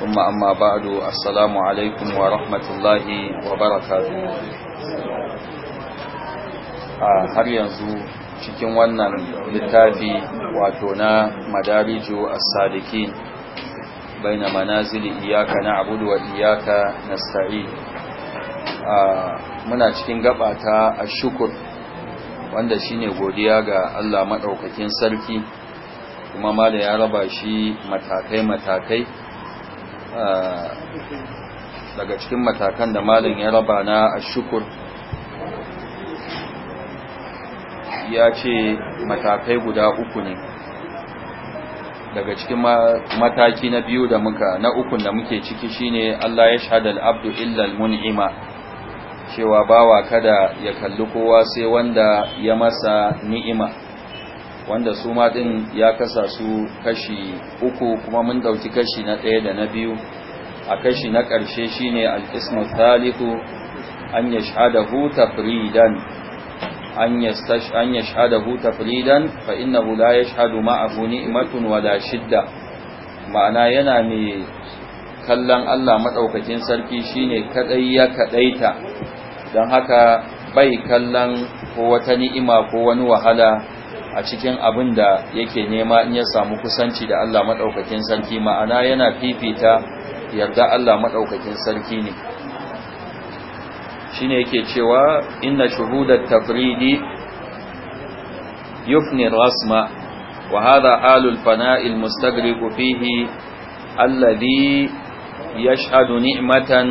ثم أما بعد السلام عليكم ورحمة الله وبركاته har yanzu cikin wannan littafi wato na madariju as-sadikin baina manazili iyyaka na'budu wa iyyaka nasta'in muna cikin gaɓata a Shukr, wanda shine godiya ga Allah madaukakin sarki kuma ma da ya raba shi matakai matakai Ah, daga cikin matakan da malin ya raba na shukur ya ce matakai guda uku ne daga cikin mataki na biyu da muka na ukun da muke ciki shine Allah ya shahada al-abdu illa al-mun'ima cewa bawa kada ya kalli kowa sai wanda ya masa ni'ima wanda su ma din ya kasa su kashi uku kuma mun dauki kashi na ɗaya da na biyu a kashi na ƙarshe shine al-qismu thalithu an yashhadahu tafridan an yastash an yashhadahu tafridan fa innahu la yashhadu ma'ahu ni'matun wada shidda ma'ana yana mai kallon Allah madaukakin sarki shine kadai ya kadaita Don haka bai kallon ko wata ni'ima ko wani wahala a cikin abin da yake nema in ya samu kusanci da Allah maɗaukakin sarki ma'ana yana fifita yarda Allah maɗaukakin sarki ne shine yake cewa inna shuhudat tafridi yufni rasma wa hadha halul fana'il mustagriq fihi alladhi yashhadu ni'matan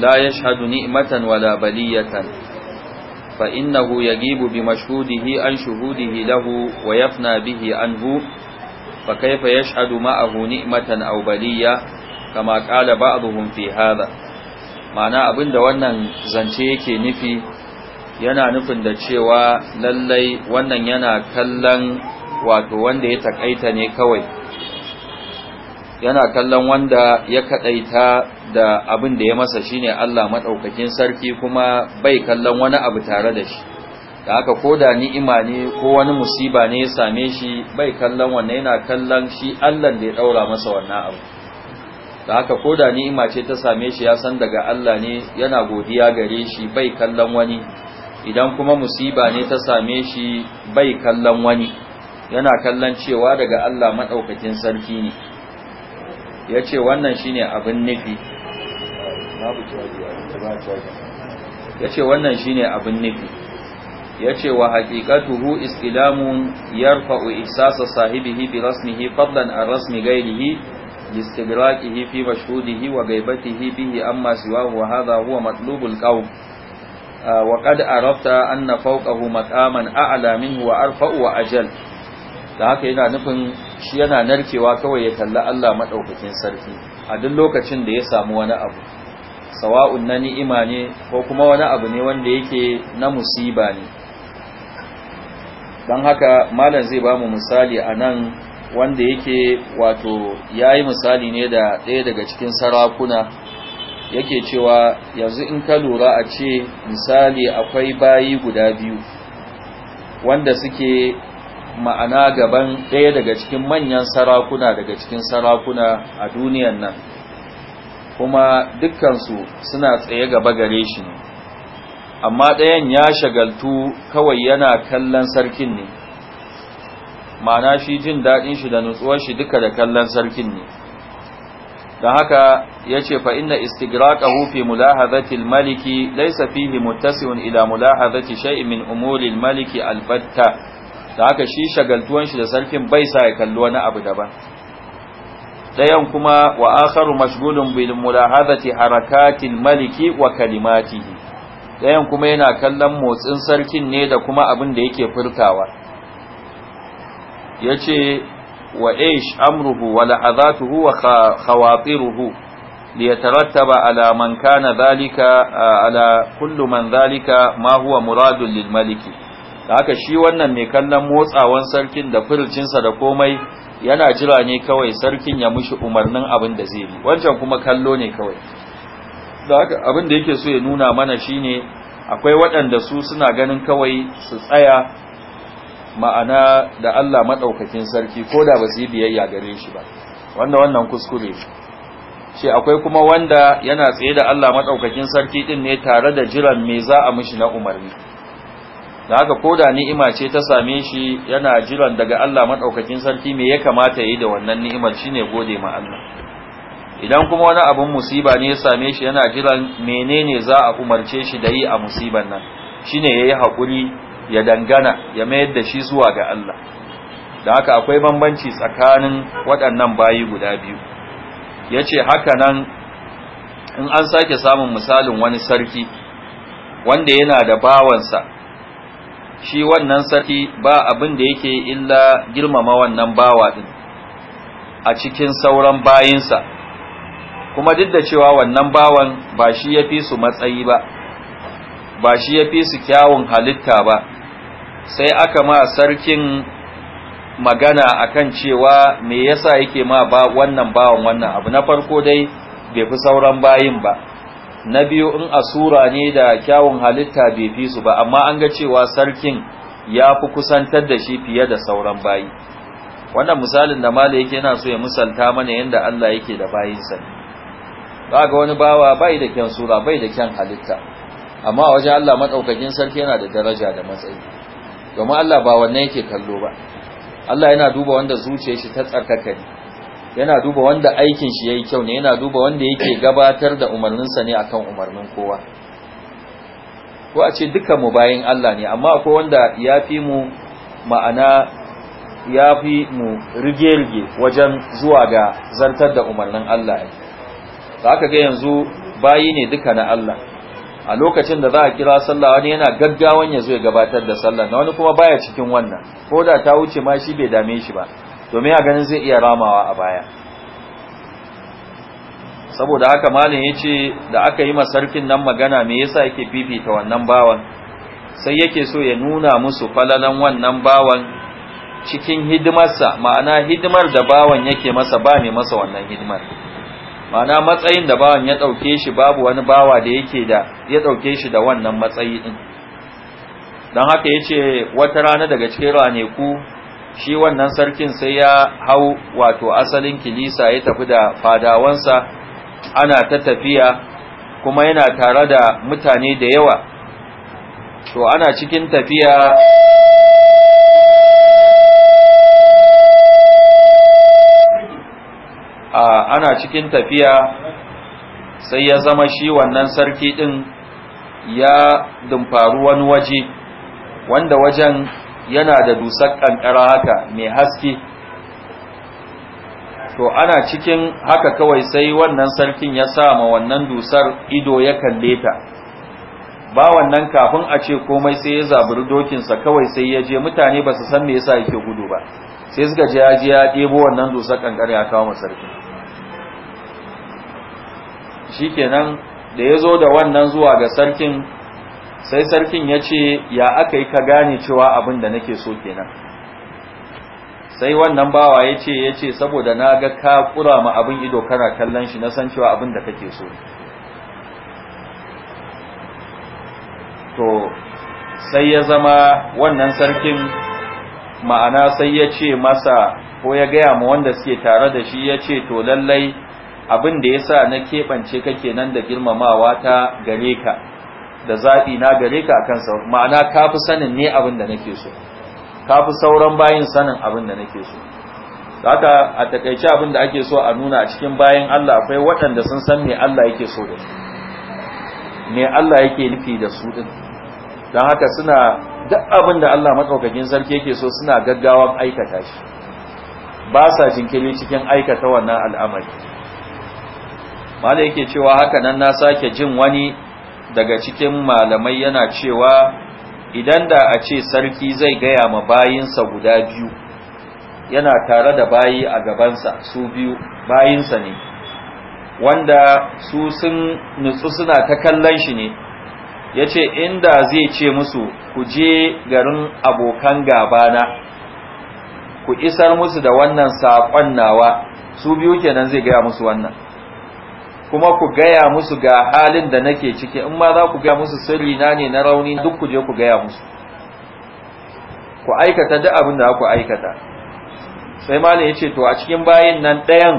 la yashhadu ni'matan wala baliyatan فإنه يجيب بمشهوده عن شهوده له ويفنى به عنه فكيف يشهد معه نعمة أو بلية كما قال بعضهم في هذا معنى أبن دوانا زنشيكي نفي yana nufin da cewa lallai wannan yana kallon wato wanda ya takaita ne kawai yana kallon wanda ya kadaita da abin da ya masa shine Allah madaukakin sarki kuma bai kallon wani abu tare da shi da haka koda ni'ima ne ko wani musiba ne ya same shi bai kallon wanne yana kallon shi Allah da ya daura masa wannan abu da haka koda ni'ima ce ta same shi ya san daga Allah ne yana godiya gare shi bai kallon wani idan kuma musiba ne ta same shi bai kallon wani yana kallon cewa daga Allah madaukakin sarki ne ya ce wannan shine abin nufi ya ce wannan shine abin nufi ya ce wa haƙiƙatuhu istilamun yarfa'u isasa sahibihi bi rasmihi fadlan an rasmi gairihi listibiraƙihi fi mashhudihi wa gaibatihi bihi amma siwa wa hadha huwa matlubul qaum uh, wa qad arafta anna fawqahu maqaman a'la minhu wa arfa'u wa ajal da haka yana nufin shi yana narkewa kawai ya kalla Allah maɗaukakin sarki a duk lokacin da ya samu wani abu sawa'un na ni'ima ne ko kuma wani abu ne wanda yake na musiba ne don haka malam zai ba mu misali a nan wanda yake wato ya yi misali ne da ɗaya daga cikin sarakuna yake cewa yanzu in ka lura a ce misali akwai bayi guda biyu wanda suke ma'ana gaban ɗaya daga cikin manyan sarakuna daga cikin sarakuna a duniyan nan kuma dukkansu suna tsaye gaba gare shi ne amma ɗayan ya shagaltu kawai yana kallon sarkin ne ma'ana shi jin daɗin shi da nutsuwar shi duka da kallon sarkin ne da haka ya ce fa inna istigraqahu fi mulahazatil maliki laysa fihi muttasi'un ila mulahazati shay'in min umuril maliki albatta. da haka shi shagaltuwan shi da sarkin bai sa ya kalli wani abu daban Ɗayan kuma wa akharu mashghulun bil mulahadati harakatil maliki wa kalimatihi dayan kuma yana kallon motsin sarkin ne da kuma abin da yake furtawa yace wa aish amruhu wa lahadatuhu wa khawatiruhu ليترتب على من كان ذلك على كل من ذلك ما هو مراد للملك da haka shi wannan mai kallon motsawan sarkin da furucinsa da komai yana jira ne kawai sarkin ya mushi umarnin abin da zai yi wancan kuma kallo ne kawai da haka abin da yake so ya nuna mana shine akwai waɗanda su suna ganin kawai su tsaya ma'ana da Allah maɗaukakin sarki ko da ba su yi biyayya gare shi ba wanda wannan kuskure shi akwai kuma wanda yana tsaye da Allah maɗaukakin sarki ɗin ne tare da jiran me za a mushi na umarni da haka ko da ni'ima ce ta same shi yana jiran daga Allah madaukakin sarki me ya kamata ya yi da wannan ni'imar shine gode ma Allah idan kuma wani abun musiba ne ya same shi yana jiran menene za a umarce shi da yi a musiban nan shine yayi hakuri ya dangana ya mayar da shi zuwa ga Allah da haka akwai bambanci tsakanin waɗannan bayi guda biyu yace haka nan in an sake samun misalin wani sarki wanda yana da bawansa shi wannan sarki ba abin da yake illa girmama wannan bawa din a cikin sauran bayinsa kuma duk da cewa wannan bawan ba shi ya fi su matsayi ba ba shi ya fi su kyawun halitta ba sai aka ma sarkin magana akan cewa me yasa yake ma ba wannan bawan wannan abu na farko dai bai fi sauran bayin ba na biyu in asura ne da kyawun halitta bai fi su ba amma an ga cewa sarkin ya fi kusantar da shi fiye da sauran bayi wannan misalin da mala yake yana so ya misalta mana yadda Allah yake da bayinsa ba ga wani bawa bai da kyan sura bai da kyan halitta amma a wajen Allah maɗaukakin sarki yana da daraja da matsayi domin Allah ba wannan yake kallo ba Allah yana duba wanda zuciyar shi ta tsarkaka ne yana duba wanda aikin shi yayi kyau ne yana duba wanda yake gabatar da umarninsa ne akan umarnin kowa ko a ce duka mu bayin Allah ne amma akwai wanda ya fi mu ma'ana ya fi mu rige-rige wajen zuwa ga zartar da umarnin Allah Za ka ga yanzu bayi ne duka na Allah a lokacin da za a kira sallah wani yana gaggawan ya zo ya gabatar da sallah na wani kuma baya cikin wannan ko da ta wuce ma shi bai dame shi ba domin a ganin zai iya ramawa a baya saboda haka malin ya ce da aka yi masarkin nan magana me yasa yake fifita wannan bawan sai yake so ya nuna musu falalan wannan bawan cikin hidimarsa ma'ana hidimar da bawan yake masa ba mai masa wannan hidimar ma'ana matsayin da bawan ya ɗauke shi babu wani bawa da yake da ya ɗauke shi da wannan matsayi ɗin don haka ya ce wata rana daga cikin raneku shi wannan sarkin sai ya hau wato asalin kilisa ya tafi da fadawansa ana ta tafiya kuma yana tare da mutane da yawa to ana cikin tafiya ana cikin tafiya sai ya zama shi wannan sarki din ya dumfaru wani waje wanda wajen yana da dusar kankara haka mai haske to ana cikin haka kawai sai wannan sarkin ya sa ma wannan dusar ido ya kalle ta ba wannan kafin a ce komai sai ya zaburi dokinsa kawai sai ya je mutane ba su san me yasa yake gudu ba sai suka je ya je ya ɗebo wannan dusar kankara ya kawo sarkin shikenan da ya zo da wannan zuwa ga sarkin sai sarkin ya ce ya aka yi ka gane cewa abin da nake so kenan sai wannan bawa ya ce ya ce saboda na ga ka kura ma abin ido kana kallon shi na san cewa abin da kake so to sai ya zama wannan sarkin ma'ana sai ya ce masa ko ya gaya ma wanda suke tare da shi ya ce to lallai abin da ya sa na keɓance kake nan da girmamawa ta gare ka da zaɓi na gare ka akan sauran ma'ana ka fi sanin ne abin da nake so ka fi sauran bayin sanin abin da nake so haka a takaice abin da ake so a nuna a cikin bayan Allah akwai waɗanda sun san me Allah yake so da su me Allah yake nufi da su din don haka suna duk abin da Allah matsaukakin sarki yake so suna gaggawan aikata shi ba sa jinkiri cikin aikata wannan al'amari mala yake cewa haka nan na sake jin wani daga cikin malamai yana cewa idan da a ce sarki zai gaya ma bayinsa guda biyu yana tare da bayi a gabansa su biyu bayinsa ne wanda su sun nutsu suna ta kallon shi ne ya ce inda zai ce musu ku je garin abokan gabana ku isar musu da wannan saƙon nawa su biyu kenan zai gaya musu wannan kuma ku gaya musu ga halin da nake ciki in ma za ku gaya musu sirri na ne na rauni duk ku je ku gaya musu ku aikata duk abin da ku aikata sai malam ya ce to a cikin bayin nan ɗayan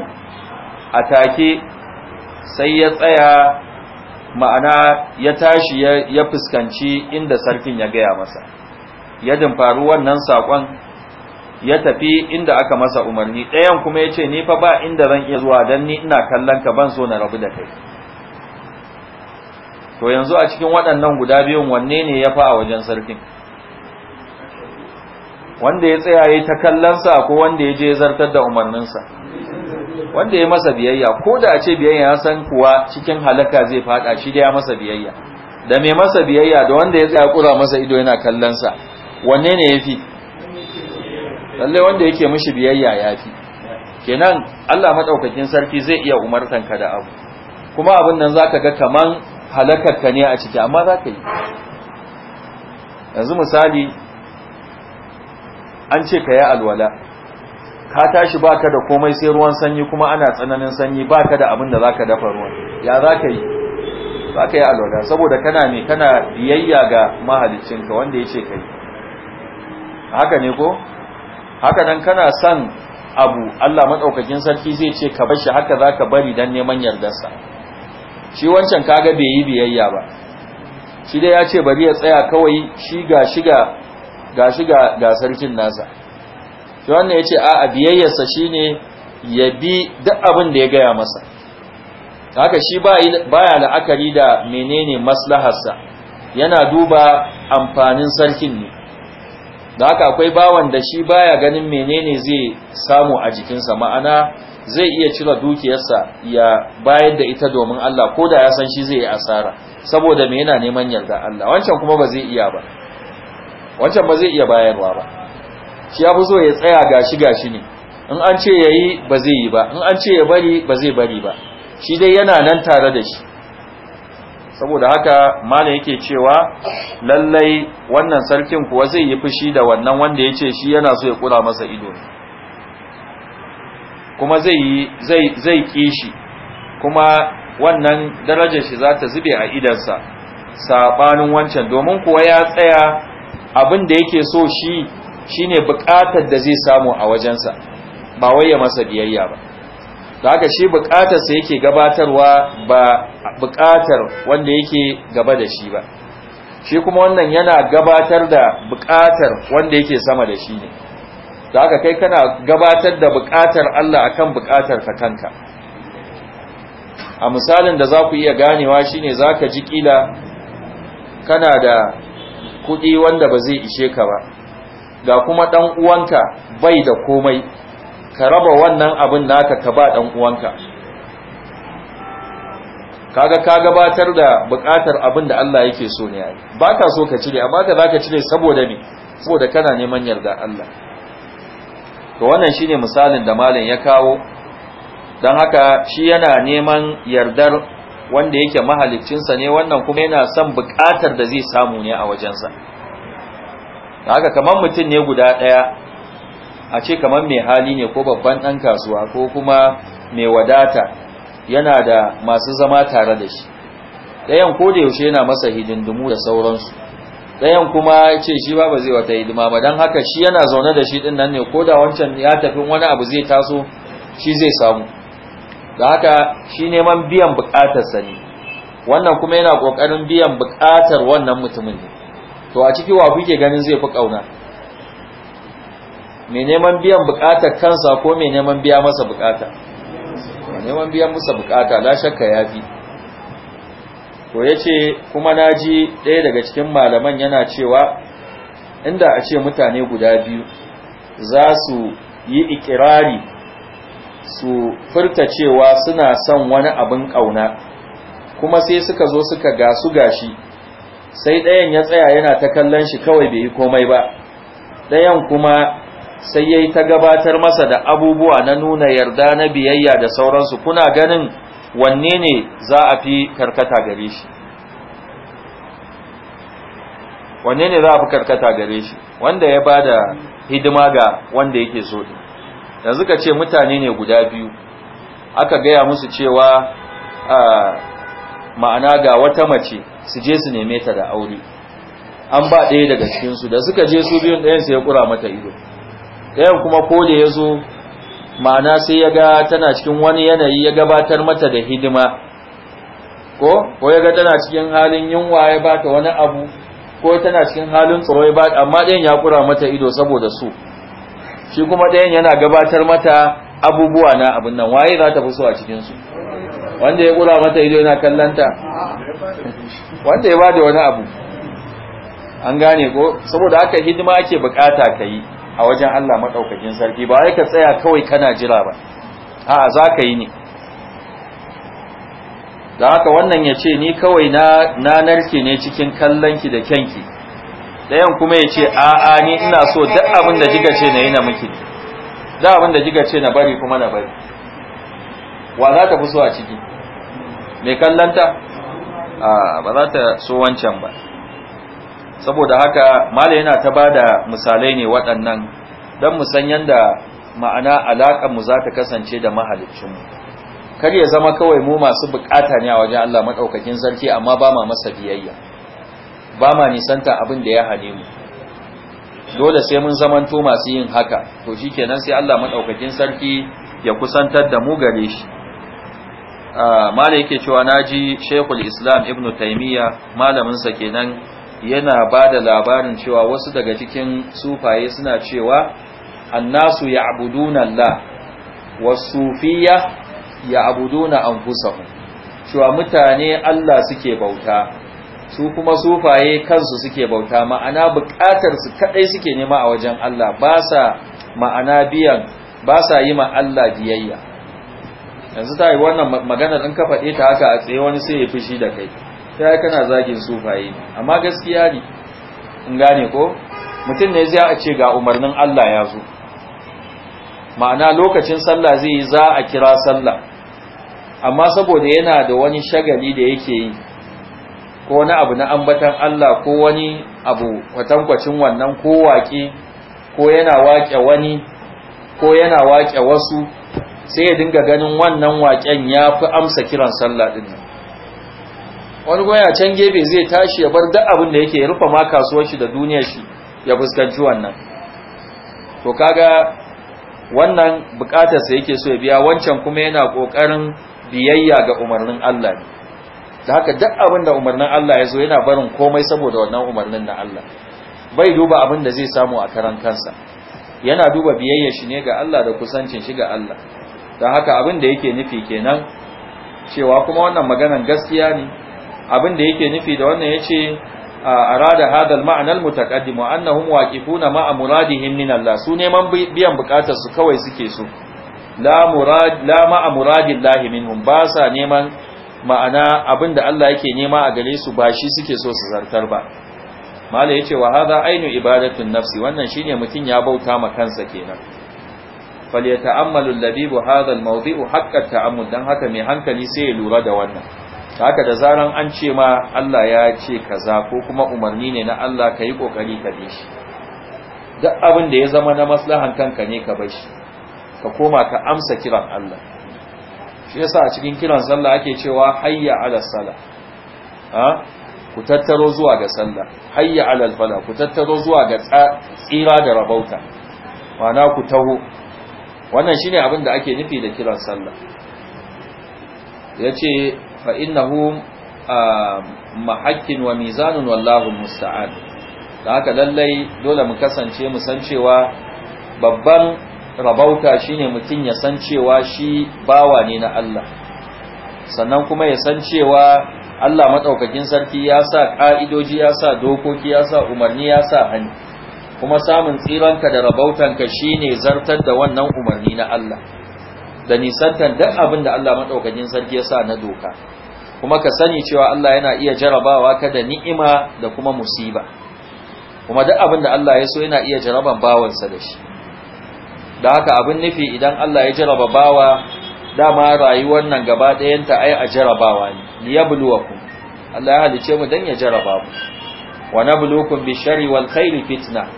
a take sai ya tsaya ma'ana ya tashi ya fuskanci inda sarkin ya gaya masa ya dimfaru wannan saƙon ya tafi inda aka masa umarni ɗayan kuma ya ce ni fa ba inda zan iya zuwa dan ni ina kallon ka ban so na rabu da kai to yanzu a cikin waɗannan guda biyun wanne ne ya fa a wajen sarkin wanda ya tsaya ya ta kallonsa ko wanda ya je zartar da umarninsa wanda ya masa biyayya ko da a ce biyayya ya san kuwa cikin halaka zai faɗa shi da ya masa biyayya da mai masa biyayya da wanda ya tsaya kura masa ido yana kallonsa wanne ne ya fi lalle wanda yake mishi biyayya yafi kenan Allah madaukakin sarki zai iya umartan ka da abu kuma abin nan zaka ga kaman halakar ka ne a ciki amma zaka yi yanzu misali an ce ka yi alwala ka tashi baka da komai sai ruwan sanyi kuma ana tsananin sanyi baka da abin da zaka dafa ruwan ya zaka yi zaka yi alwala saboda kana ne kana biyayya ga mahaliccinka wanda yace kai haka ne ko haka nan kana son abu Allah madaukakin sarki zai ce ka bar shi haka ka bari dan neman yardarsa shi wancan kaga bai yi biyayya ba shi dai ya ce bari ya tsaya kawai shi ga shiga ga shiga ga sarkin nasa shi wannan yace a a biyayyarsa shine ya bi duk abin da ya gaya masa haka shi baya la'akari da menene maslaharsa yana duba amfanin sarkin ne da haka akwai bawan da shi baya ganin menene zai samu a jikinsa ma'ana zai iya cire dukiyarsa ya bayar da ita domin Allah ko da ya san shi zai yi asara saboda me yana neman yarda Allah wancan kuma ba zai iya ba wancan ba zai iya bayarwa ba shi ya fi so ya tsaya gashi gashi ne in an ce yayi ba zai yi ba in an ce ya bari ba zai bari ba shi dai yana nan tare da shi saboda haka malam yake cewa lallai wannan sarkin kuwa zai yi fushi da wannan wanda ya ce shi yana so ya kura masa ido kuma zai zai ƙi shi kuma wannan darajar shi za ta zube a idansa saɓanin wancan domin kuwa ya tsaya abin da yake so shi shine buƙatar da zai samu a wajensa ba wai ya masa biyayya ba da haka shi bukatarsa yake gabatarwa ba bukatar wanda yake gaba da shi ba shi kuma wannan yana gabatar da buƙatar wanda yake sama da shi ne da haka kai kana gabatar da bukatar Allah akan bukatar ka kanka a misalin da za ku iya ganewa shine za ka ji ƙila kana da kuɗi wanda ba zai ishe ka ba ga kuma ɗan uwanka bai da komai ka raba wannan abin naka ka ba dan uwanka kaga ka gabatar da bukatar abin da Allah yake so ne yayi baka so ka cire amma ka zaka cire saboda me saboda kana neman yarda Allah to wannan shine misalin da malam ya kawo dan haka shi yana neman yardar wanda yake mahaliccinsa ne wannan kuma yana son bukatar da zai samu ne a wajensa haka kamar mutum ne guda daya a ce kamar mai hali ne ko babban ɗan kasuwa ko kuma mai wadata yana da masu zama tare da shi ɗayan ko da yaushe yana masa hidindimu da sauransu ɗayan kuma ce shi ba ba zai wata hidima ba don haka shi yana zaune da shi ɗin nan ne ko da wancan ya tafi wani abu zai taso shi zai samu da haka shi neman biyan buƙatar sani, wannan kuma yana ƙoƙarin biyan buƙatar wannan mutumin ne to a ciki wa kuke ganin zai fi ƙauna mai neman biyan bukatar kansa ko mai neman biya masa bukata mai neman biyan masa bukata la shakka yafi to yace kuma na ji ɗaya daga cikin malaman yana cewa inda a ce mutane guda biyu za su yi ikirari su furta cewa suna son wani abin ƙauna. kuma sai suka zo suka gasu gashi sai ɗayan ya tsaya yana ta kallon shi kawai bai yi komai ba ɗayan kuma sai yayi ta gabatar masa da abubuwa na nuna yarda na biyayya da sauransu kuna ganin wanne ne za a fi karkata gare shi wanne ne za a fi karkata gare shi wanda ya bada hidima ga wanda yake so yanzu ka ce mutane ne guda biyu aka gaya musu cewa ma'ana ga wata mace su je su neme ta da aure an ba ɗaya daga cikinsu da suka je su biyun ɗayan su ya kura mata ido ɗayan kuma ko da ya zo ma'ana sai ya ga tana cikin wani yanayi ya gabatar mata da hidima ko ko ya ga tana cikin halin yunwa ya ta wani abu ko tana cikin halin tsoro ya amma ɗayan ya kura mata ido saboda su shi kuma ɗayan yana gabatar mata abubuwa na abin nan waye za ta fi so a cikin su wanda ya kura mata ido yana kallanta wanda ya bada wani abu an gane ko saboda haka hidima ake bukata ka yi a wajen Allah maɗaukakin sarki ba wai ka tsaya kawai kana jira ba a'a za ka yi ne da haka wannan ya ce ni kawai na narke ne cikin kallonki da kyanki ɗayan kuma ya ce a'a ni ina so duk abin da jiga ce na yi na miki duk abin da jiga ce na bari kuma na bari wa za ta fi so a ciki mai kallonta a ba za ta so wancan ba saboda haka mala yana ta bada misalai ne waɗannan don mu san ma'ana alaƙanmu mu za ta kasance da mahaliccin mu kar ya zama kawai mu masu bukata ne a wajen Allah maɗaukakin sarki amma ba ma masa biyayya ba ma nisanta abin da ya hane mu dole sai mun zamanto masu yin haka to shi kenan sai Allah maɗaukakin sarki ya kusantar da mu gare shi ah, mala yake cewa na ji shekul islam ibn taimiyya malaminsa kenan yana ba da labarin cewa wasu daga cikin sufaye suna cewa annasu ya abuduna Allah wasufiya ya abuduna an cewa mutane Allah suke bauta su kuma sufaye kansu suke bauta ma'ana bukatar su kadai suke nema a wajen Allah ba sa ma'ana biyan ba sa yi ma Allah biyayya yanzu ta yi wannan maganar in ka faɗe ta haka a tsaye wani sai ya fushi da kai sai kana zagin sufaye amma gaskiya ne in gane ko mutum ne zai a ce ga umarnin Allah ya zo ma'ana lokacin sallah zai yi za a kira sallah amma saboda yana da wani shagali da yake yi ko wani abu na ambatan Allah ko wani abu kwatankwacin wannan ko waƙe ko yana waƙe wani ko yana waƙe wasu sai ya dinga ganin wannan waƙen ya fi amsa kiran sallah ɗin nan wani goya can gefe zai tashi ya bar duk abin da yake ya rufe ma kasuwar shi da duniyar shi ya fuskanci wannan to kaga wannan bukatar sa yake so ya biya wancan kuma yana kokarin biyayya ga umarnin Allah ne da haka duk abin da umarnin Allah ya zo yana barin komai saboda wannan umarnin na Allah bai duba abin da zai samu a karan kansa yana duba biyayya shi ne ga Allah da kusancin shi ga Allah don haka abin da yake nufi kenan cewa kuma wannan maganan gaskiya ne abin da yake nufi da wannan yace arada hada al-ma'na al-mutaqaddim wa annahum waqifuna ma'a muradihim min Allah su neman biyan bukatar su kawai suke so la murad la ma'a muradillahi minhum ba sa neman ma'ana abin da Allah yake nema a gare su ba shi suke so su zartar ba mala yace wa hada ainu ibadatun nafsi wannan shine mutun ya bauta ma kansa kenan ya al-labibu hada al-mawdi'u haqqa ta'ammul dan haka mai hankali sai ya lura da wannan haka da zaran an ce ma Allah ya ce kaza ko kuma umarni ne na Allah ka yi kokari ka bi shi duk abin da ya zama na maslahan kanka ne ka bar shi ka koma ka amsa kiran Allah shi yasa a cikin kiran sallah ake cewa hayya ala ha ku tattaro zuwa ga sallah hayya alal fala ku tattaro zuwa ga tsira da rabauta mana ku taho wannan shine abin da ake nufi da kiran sallah yace fa innahu mahakkin wa mizanun wallahu musta'an da haka lallai dole mu kasance mu san cewa babban rabauta shine mutum ya san cewa shi bawa ne na Allah sannan kuma ya san cewa Allah maɗaukakin sarki ya sa ƙa'idoji ya sa dokoki ya sa umarni ya sa hani, kuma samun tsiranka da rabautanka shine zartar da wannan umarni na Allah da nisantar duk abin da Allah madaukakin sarki ya sa na doka kuma ka sani cewa Allah yana iya jarabawa ka da ni'ima da kuma musiba kuma duk abin da Allah ya so yana iya jaraban bawansa da shi da haka abin nufi idan Allah ya jaraba bawa dama rayuwar nan gaba ɗayanta ai a jarabawa ne ku Allah ya halice mu dan ya jaraba mu wa nabluukum bishari wal khairi fitna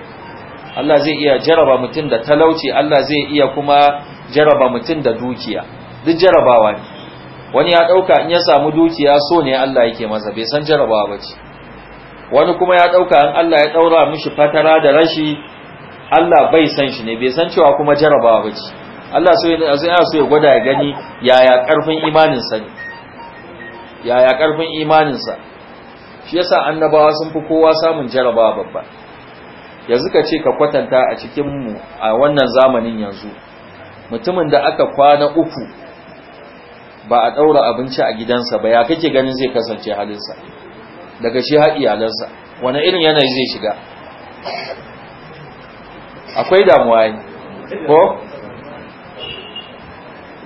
Allah zai iya jaraba mutum da talauci Allah zai iya kuma jaraba mutum da dukiya duk jarabawa ne wani ya dauka in ya samu dukiya so ne Allah yake masa bai san jarabawa ba ce wani kuma ya dauka in Allah ya daura mishi fatara da rashi Allah bai san shi ne bai san cewa kuma jarabawa ba ce Allah so ya so ya gwada ya gani yaya karfin imanin sa ne yaya karfin imanin sa shi yasa annabawa sun fi kowa samun jarabawa babba yanzu ka ce ka kwatanta a cikinmu a wannan zamanin yanzu mutumin da aka kwana uku ba a ɗaura abinci a gidansa ba ya kake ganin zai kasance halinsa daga shi haɗi halinsa wani irin yanayi zai shiga akwai damuwa ne ko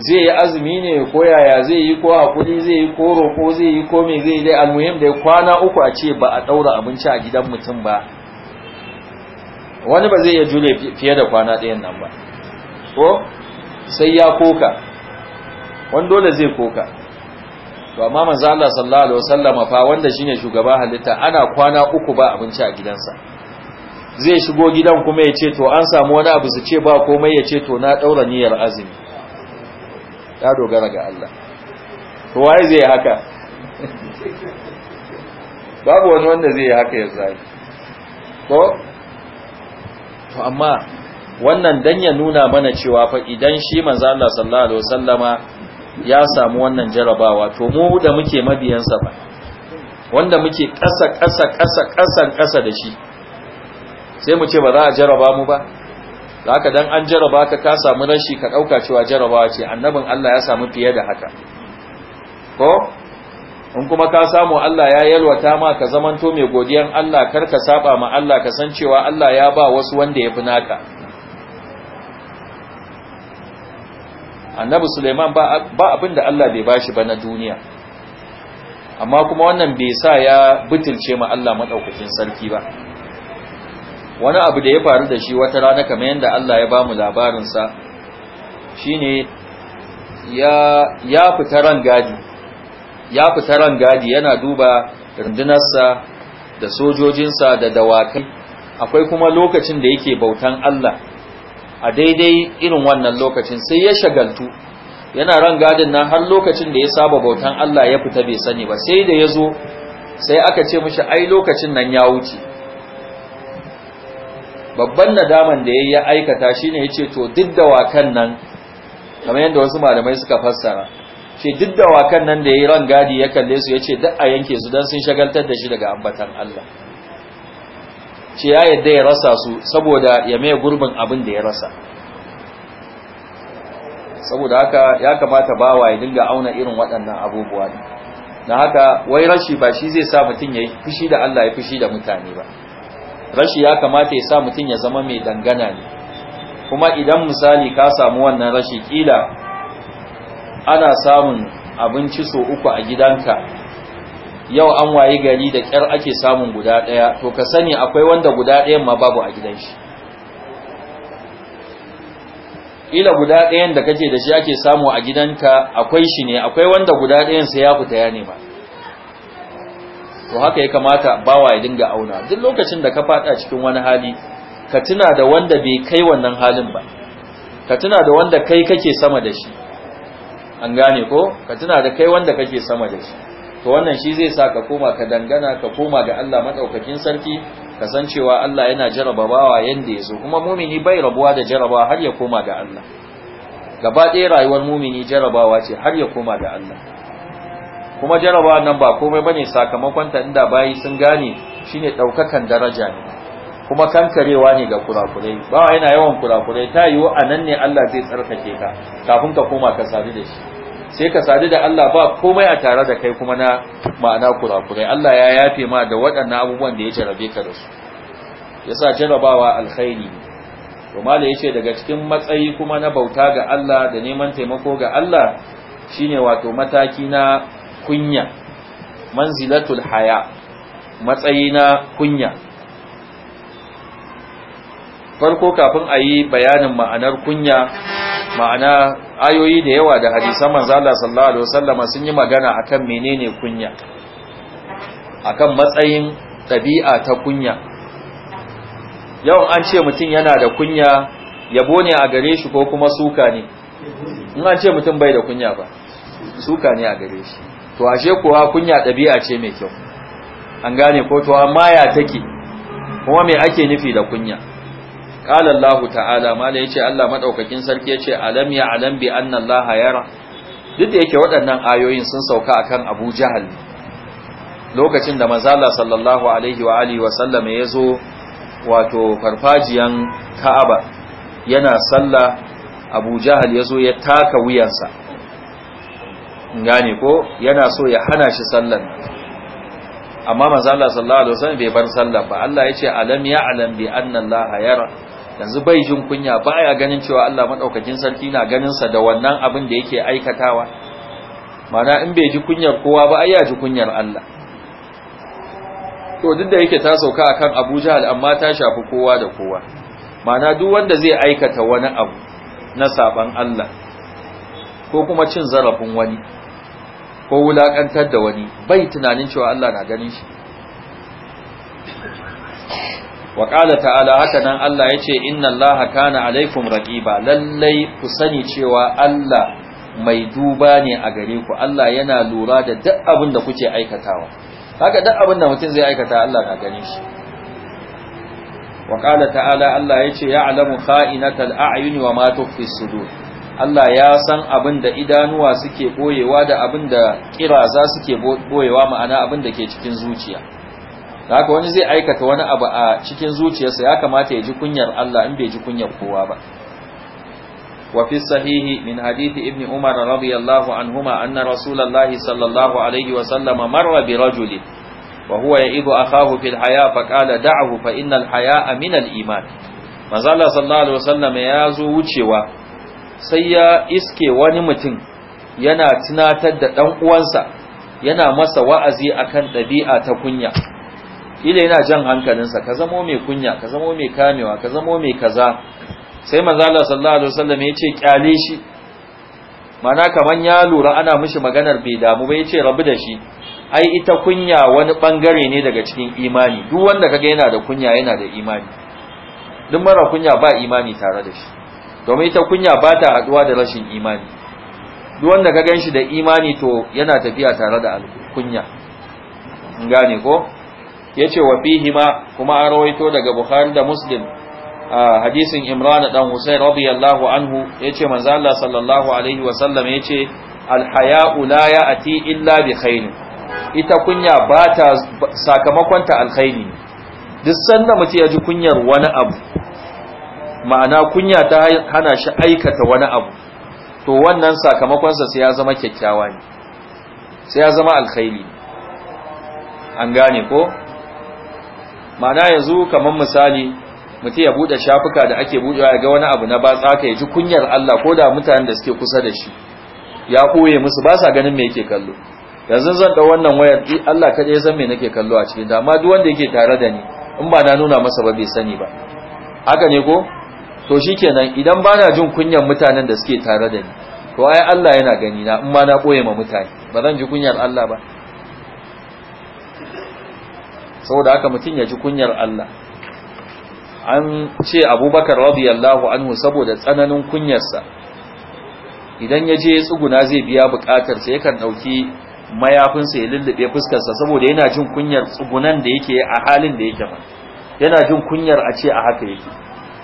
zai yi azumi ne ko yaya zai yi ko hakuri zai yi ko roƙo zai yi ko me zai yi dai almuhim da kwana uku a ce ba a ɗaura abinci a gidan mutum ba wani ba zai iya jure fiye da kwana ɗayan nan ba ko sai ya koka wani dole zai koka to amma manzo Allah sallallahu alaihi wasallam fa wanda shine shugaban halitta ana kwana uku ba abinci a gidansa zai shigo gidan kuma ya ce to an samu wani abu su ce ba komai ya ce to na daura niyyar azumi ya dogara ga Allah to wai zai haka babu wani wanda zai haka yanzu ko to amma wannan dan ya nuna mana cewa fa idan shi manzo Allah sallallahu alaihi wasallama ya samu wannan jarabawa to mu da muke mabiyansa ba wanda muke ƙasa ƙasa ƙasa ƙasan kasa da shi sai mu ce ba za a jaraba mu ba haka dan an jaraba ka ka samu rashi ka dauka cewa jarabawa ce annabin Allah ya samu fiye da haka ko in kuma ka samu Allah ya yalwata ma ka zamanto mai godiyan Allah kar ka saba ma Allah ka san cewa Allah ya ba wasu wanda ya fi naka annabi Suleiman ba abin da Allah bai bashi ba na duniya amma kuma wannan bai sa ya butulce ma Allah madaukakin sarki ba wani abu da ya faru da shi wata rana kamar yadda Allah ya ba mu labarin sa shine ya ya fita ran gadi ya fita ran gadi yana duba rundunarsa da sojojinsa da dawakai akwai kuma lokacin da yake bautan Allah a daidai irin wannan lokacin sai ya shagaltu yana ran gadin nan har lokacin da ya saba bautan Allah ya fita bai sani ba sai da ya zo sai aka ce mishi ai lokacin nan ya wuce babban nadaman da ya aikata shine ya ce to duk dawakan nan kamar yadda wasu malamai suka fassara ce duk da wakan nan da ya yi rangadi ya kalle su ya ce duk a yanke su don sun shagaltar da shi daga ambatan Allah ce ya yadda ya rasa su saboda ya mai gurbin abin da ya rasa saboda haka ya kamata bawa ya dinga auna irin waɗannan abubuwa ne na haka wai rashi ba shi zai sa mutum ya yi fushi da Allah ya fushi da mutane ba rashi ya kamata ya sa mutum ya zama mai dangana ne kuma idan misali ka samu wannan rashi kila ana samun abinci so uku a gidanka yau an waye gari da ƙyar ake samun guda ɗaya to ka sani akwai wanda guda ɗayan ma babu a gidan shi ila guda ɗayan da kake da shi ake samu a gidanka akwai shi ne akwai wanda guda ɗayan sai ya fita ya nema to haka ya kamata bawa ya dinga auna duk lokacin da ka fada cikin wani hali ka tuna da wanda bai kai wannan halin ba ka tuna da wanda kai kake sama da shi an gane ko ka tuna da kai wanda kake sama da shi to wannan shi zai sa ka koma ka dangana ka koma ga Allah madaukakin sarki ka san cewa Allah yana jarabawa yanda yaso kuma mumini bai rabuwa da jarabawa har ya koma ga Allah gaba ɗaya rayuwar mumini jarabawa ce har ya koma ga Allah kuma jarabawa nan ba komai bane sakamakon ta inda bayi sun gane shine daukakan daraja ne kuma kankarewa ne ga kurakurai ba yana yawan kurakurai ta yiwu a nan ne Allah zai tsarkake ka kafin ka koma ka sadu da shi sai ka sadu da Allah ba komai a tare da kai kuma na ma'ana kurakurai Allah ya yafe ma da waɗannan abubuwan da ya jarabe ka da su yasa jarabawa alkhairi kuma da ce daga cikin matsayi kuma na bauta ga Allah da neman taimako ga Allah shine wato mataki na kunya manzilatul haya matsayi na kunya farko kafin a yi bayanin ma'anar kunya ma'ana ayoyi da yawa da hadisan manzala sallallahu alaihi wasallam sun yi magana akan menene kunya akan matsayin ɗabi'a ta kunya yawan an ce mutum yana da kunya yabo ne a gare shi ko kuma suka ne in an ce mutum bai da kunya ba suka ne a gare shi to ashe kuwa kunya ɗabi'a ce mai kyau an gane ko to amma ya take kuma me ake nufi da kunya قال الله ta'ala mala yace Allah الله sarki yace alam ya alam bi duk da yake waɗannan ayoyin sun sauka a kan Jahal lokacin da mazala sallallahu alaihi wa alihi wa sallama yazo wato farfajiyan Ka'aba yana sallah Abu Jahal yazo ya taka wuyansa gane ko yana so ya hana shi sallan amma manzo Allah sallallahu alaihi wasallam bai bar sallah ba Allah yace alam ya alam bi anna Allah yara yanzu bai jin kunya baya ganin cewa Allah madaukakin sarki na ganinsa da wannan abin da yake aikatawa mana in bai ji kunyar kowa ba ai ya ji kunyar Allah to duk da yake ta sauka akan Abu Jahl amma ta shafi kowa da kowa mana duk wanda zai aikata wani abu na saban Allah ko kuma cin zarafin wani ko wulakantar da wani bai tunanin cewa Allah na ganin shi wa qala ta'ala haka nan Allah yace inna allaha kana alaikum raqiba lallai ku sani cewa Allah mai duba ne a gare ku Allah yana lura da duk abin da kuke aikatawa haka duk abin da mutum zai aikata Allah na gane shi wa qala ta'ala Allah yace ya'lamu kha'inatal a'yuni wa ma tukhfi sudur Allah ya san abin da idanuwa suke boyewa da abin da ƙiraza suke boyewa ma'ana abin da ke cikin zuciya da haka wani zai aikata wani abu a cikin zuciyarsa ya kamata ya ji kunyar Allah in bai ji kunyar kowa ba wa fi sahihi min hadithi ibn umar radiyallahu anhuma anna rasulullahi sallallahu alaihi wa sallama marra bi rajulin wa huwa ya'idu akahu fil haya fa qala da'ahu fa innal haya'a min al iman manzo Allah sallallahu alaihi ya zo wucewa sai ya iske wani mutum yana tunatar da dan uwansa yana masa wa'azi akan dabi'a ta kunya Ile yana jan hankalinsa ka zamo mai kunya ka zamo mai kamewa ka zamo mai kaza sai manzala sallallahu alaihi wasallam ya ce kyale shi mana kaman ya lura ana mishi maganar bai damu ba ya ce rabu da shi ai ita kunya wani bangare ne daga cikin imani duk wanda kaga yana da kunya yana da imani duk mara kunya ba imani tare da shi domin ita kunya ba ta haduwa da rashin imani duk wanda ka ganshi da imani to yana tafiya tare da kunya gane ko yace wa fihi ma kuma an rawaito daga Bukhari da Muslim hadisin Imran dan Husayn radiyallahu anhu yace manzo Allah sallallahu alaihi wasallam yace alhaya'u la ya'ti illa bi khairin ita kunya ba ta sakamakon ta alkhairi duk sanda mutum ya ji kunyar wani abu ma'ana kunya ta hana shi aikata wani abu to wannan sakamakonsa sai ya zama kyakkyawa ne sai ya zama alkhairi an gane ko ma'ana yanzu kamar misali mutum ya buɗe shafuka da ake buɗewa ya ga wani abu na batsa ka ya ji kunyar Allah ko da mutanen da suke kusa da shi ya ɓoye musu ba sa ganin me yake kallo yanzu zan ɗau wannan wayar Allah kaɗai ya san me nake kallo a cikin ta amma duk wanda yake tare da ni in ba na nuna masa ba bai sani ba haka ne ko to shikenan idan bana jin kunyar mutanen da suke tare da ni to ai Allah yana gani na in ma na ɓoye ma mutane ba zan ji kunyar Allah ba saboda haka mutum ya ji kunyar Allah an ce abubakar radiyallahu anhu saboda tsananin kunyarsa idan ya je tsuguna zai biya bukatarsa yakan ɗauki mayafinsa ya lullube fuskarsa saboda yana jin kunyar tsugunan da yake a halin da yake ba yana jin kunyar a ce a haka yake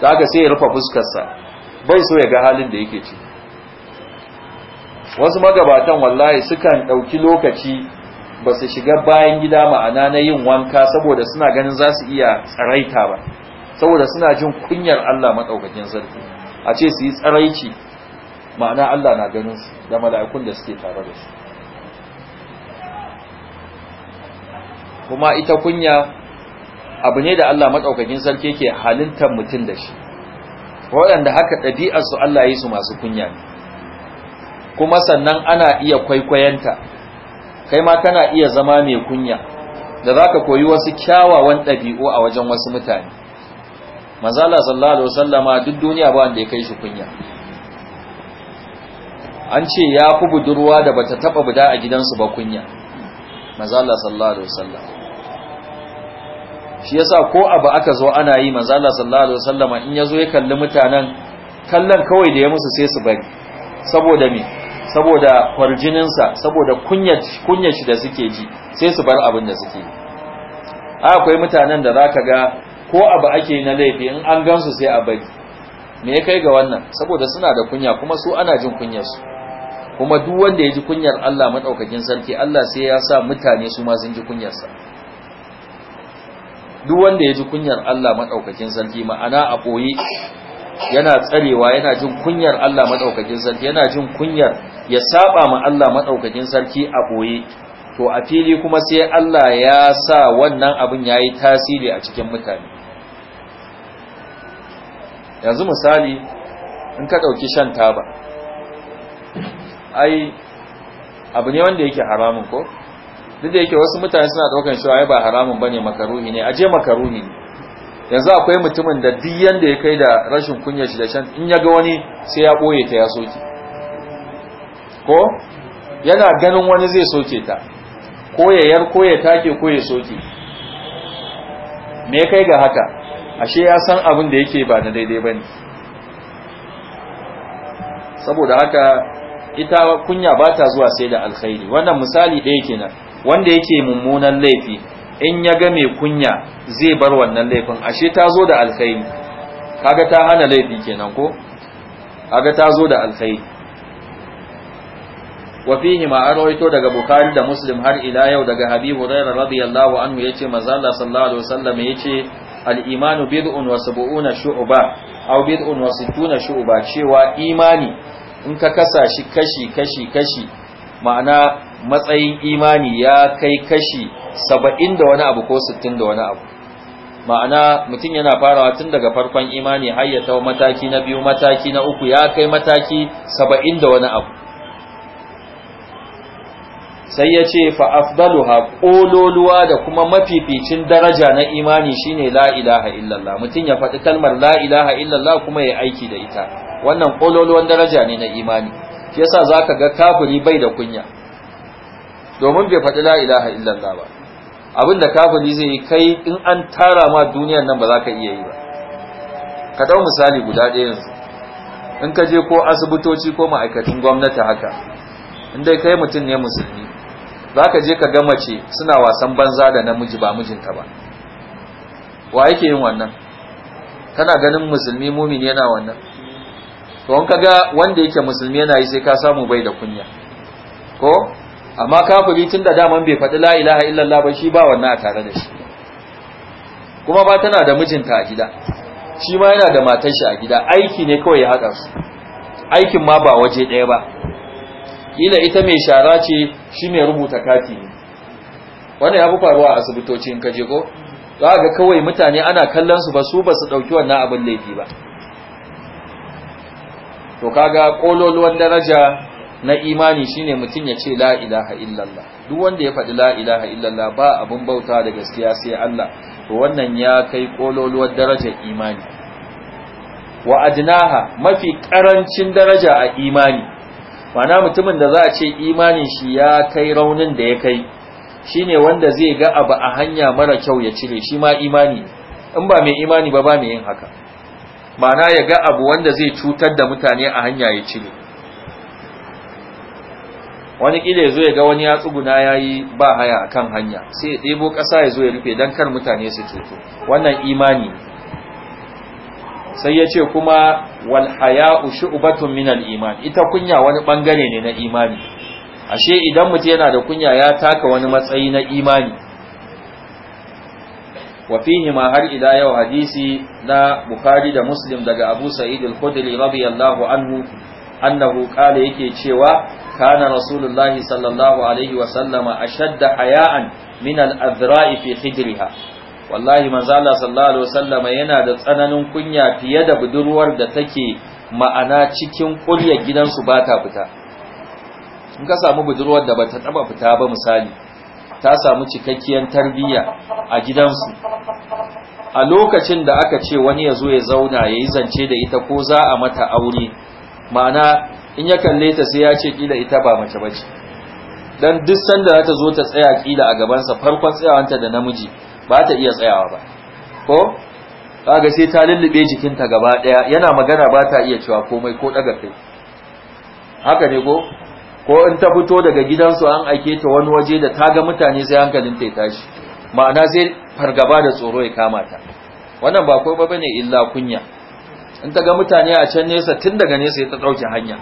da haka sai ya rufe fuskarsa bai so ya ga halin da yake ci. wasu magabatan wallahi sukan ɗauki lokaci ba su shiga bayan gida ma'ana na yin wanka saboda suna ganin za su iya tsaraita ba saboda suna jin kunyar Allah maɗaukakin sarki a ce su yi tsaraici ma'ana Allah na ganin su da mala'ikun da suke tare da su kuma ita kunya abu ne da Allah maɗaukakin sarki yake halittar mutum da shi waɗanda haka ɗabi'arsu Allah ya yi su masu kunya ne kuma sannan ana iya kwaikwayanta kai ma kana iya zama mai kunya da zaka koyi wasu kyawawan ɗabi'u a wajen wasu mutane mazala sallallahu alaihi wasallama duk duniya ba wanda ya kai shi kunya an ce ya fi budurwa da bata taba buda a gidansu ba kunya mazala sallallahu alaihi wasallam shi yasa ko abu aka zo ana yi mazala sallallahu alaihi wasallama in yazo ya kalli mutanen kallon kawai da ya musu sai su bari saboda me saboda kwarjininsa saboda kunyar shi da suke ji sai su bar abin da suke yi akwai mutanen da za ka ga ko abu ake yi na laifi in an gansu sai a bari me ya kai ga wannan saboda suna da kunya kuma su ana jin kunyarsu kuma duk wanda ya ji kunyar Allah madaukakin sarki Allah sai ya sa mutane su ma sun ji kunyarsa duk wanda ya ji kunyar Allah madaukakin sarki ma'ana a boye yana tsarewa yana jin kunyar Allah madaukakin sarki yana jin kunyar ya saba ma Allah madaukakin sarki a boye to a fili kuma sai Allah ya sa wannan abin yayi tasiri a cikin mutane yanzu misali in ka dauki shan taba ai abu ne wanda yake haramun ko duk da yake wasu mutane suna daukan shi ai ba haramun bane makaruhi ne aje makaruhi ne yanzu akwai mutumin da duk yanda ya kai da rashin kunya shi da shan in ya ga wani sai ya boye ta ya soke ko yana ganin wani zai soke ta ko ya yar ko ya take ko ya soke me kai ga haka ashe ya san abin da yake ba na daidai bane saboda haka ita kunya ba ta zuwa sai da alkhairi wannan misali ɗaya kenan wanda yake mummunan laifi in ya ga mai kunya zai bar wannan laifin ashe ta zo da alkhairi kaga ta hana laifi kenan ko kaga ta zo da alkhairi wa fihi ma arwaito daga bukhari da muslim har ila yau daga habibu hurairah radiyallahu anhu yace manzo Allah sallallahu alaihi wasallam yace al-imanu bid'un wa sab'una shu'ba aw bid'un wa sittuna shu'ba cewa imani in ka kasa shi kashi kashi kashi ma'ana matsayin imani ya kai kashi saba'in da wani abu ko sittin da wani abu ma'ana mutum yana farawa tun daga farkon imani har ya tawo mataki na biyu mataki na uku ya kai mataki saba'in da wani abu sai ya ce fa'afdaluha ƙololuwa da kuma mafificin daraja na imani shine la ilaha illallah mutum ya faɗi kalmar la ilaha illallah kuma ya aiki da ita wannan ƙololuwan daraja ne na imani sa za ka ga kafiri bai da kunya domin bai faɗi la ilaha illallah ba abinda kafiri zai yi kai in an tara ma duniyan nan ba za ka iya yi ba ka dau misali guda ɗaya yanzu in ka je ko asibitoci ko ma'aikatan gwamnati haka in dai kai mutum ne musulmi za ka je ka ga mace suna wasan banza da namiji ba ka ba wa yake yin wannan kana ganin musulmi mumin yana wannan to in ka ga wanda yake musulmi yana yi sai ka samu bai da kunya ko amma kafiri tun da daman bai faɗi la ilaha illallah ba shi ba wannan a tare da shi kuma ba tana da mijinta a gida shi ma yana da matar shi a gida aiki ne kawai ya haɗa su aikin ma ba waje ɗaya ba Ƙila ita mai shara ce shi mai rubuta kati ne wannan ya fi faruwa a asibitoci in kaje ko za ga kawai mutane ana kallon su ba su ba su ɗauki wannan abin laifi ba to kaga ƙololuwan daraja na imani shine mutum ya ce la ilaha illallah duk wanda ya faɗi la ilaha illallah ba abun bauta da gaskiya sai Allah to wannan ya kai kololuwar darajar imani wa adnaha mafi karancin daraja a imani mana mutumin da za a ce imanin shi ya kai raunin da ya kai shine wanda zai ga abu a hanya mara kyau ya cire shi ma imani in ba mai imani ba ba mai yin haka mana ya ga abu wanda zai cutar da mutane a hanya ya cire wani kila ya zo ya ga wani ya tsuguna ya yi ba haya a kan hanya sai ya ɗebo ƙasa ya zo ya rufe don kar mutane su ceto wannan imani sai ya ce kuma wal haya'u shu'batun min al iman ita kunya wani ɓangare ne na imani ashe idan mutum yana da kunya ya taka wani matsayi na imani wa fihi ma har ila yau hadisi na bukhari da muslim daga abu sa'id al-khudri radiyallahu anhu annahu qala yake cewa kana rasulullahi sallallahu alaihi wa sallama ashadda haya'an min al-azra'i fi khidriha wallahi manzo Allah sallallahu wa sallama yana da tsananin kunya fiye da budurwar da take ma'ana cikin ƙuryar gidansu ba ta fita in ka samu budurwar da bata taɓa fita ba misali ta samu cikakkiyar tarbiyya a gidansu a lokacin da aka ce wani ya zo ya zauna ya yi zance da ita ko za a mata aure ma'ana in ya kalle ta sai ya ce kila ita ba mace bace dan duk sanda za ta zo ta tsaya kila a gabansa farkon tsayawanta da namiji ba ta iya tsayawa ba ko kaga sai ta lullube jikinta gaba daya yana magana ba ta iya cewa komai ko daga kai haka ne ko ko in ta fito daga gidansu an aike ta wani waje da ta ga mutane sai hankalin ta ya tashi ma'ana sai fargaba da tsoro ya kama ta wannan ba ba bane illa kunya in ta ga mutane a can nesa tun daga nesa ya ta dauke hanya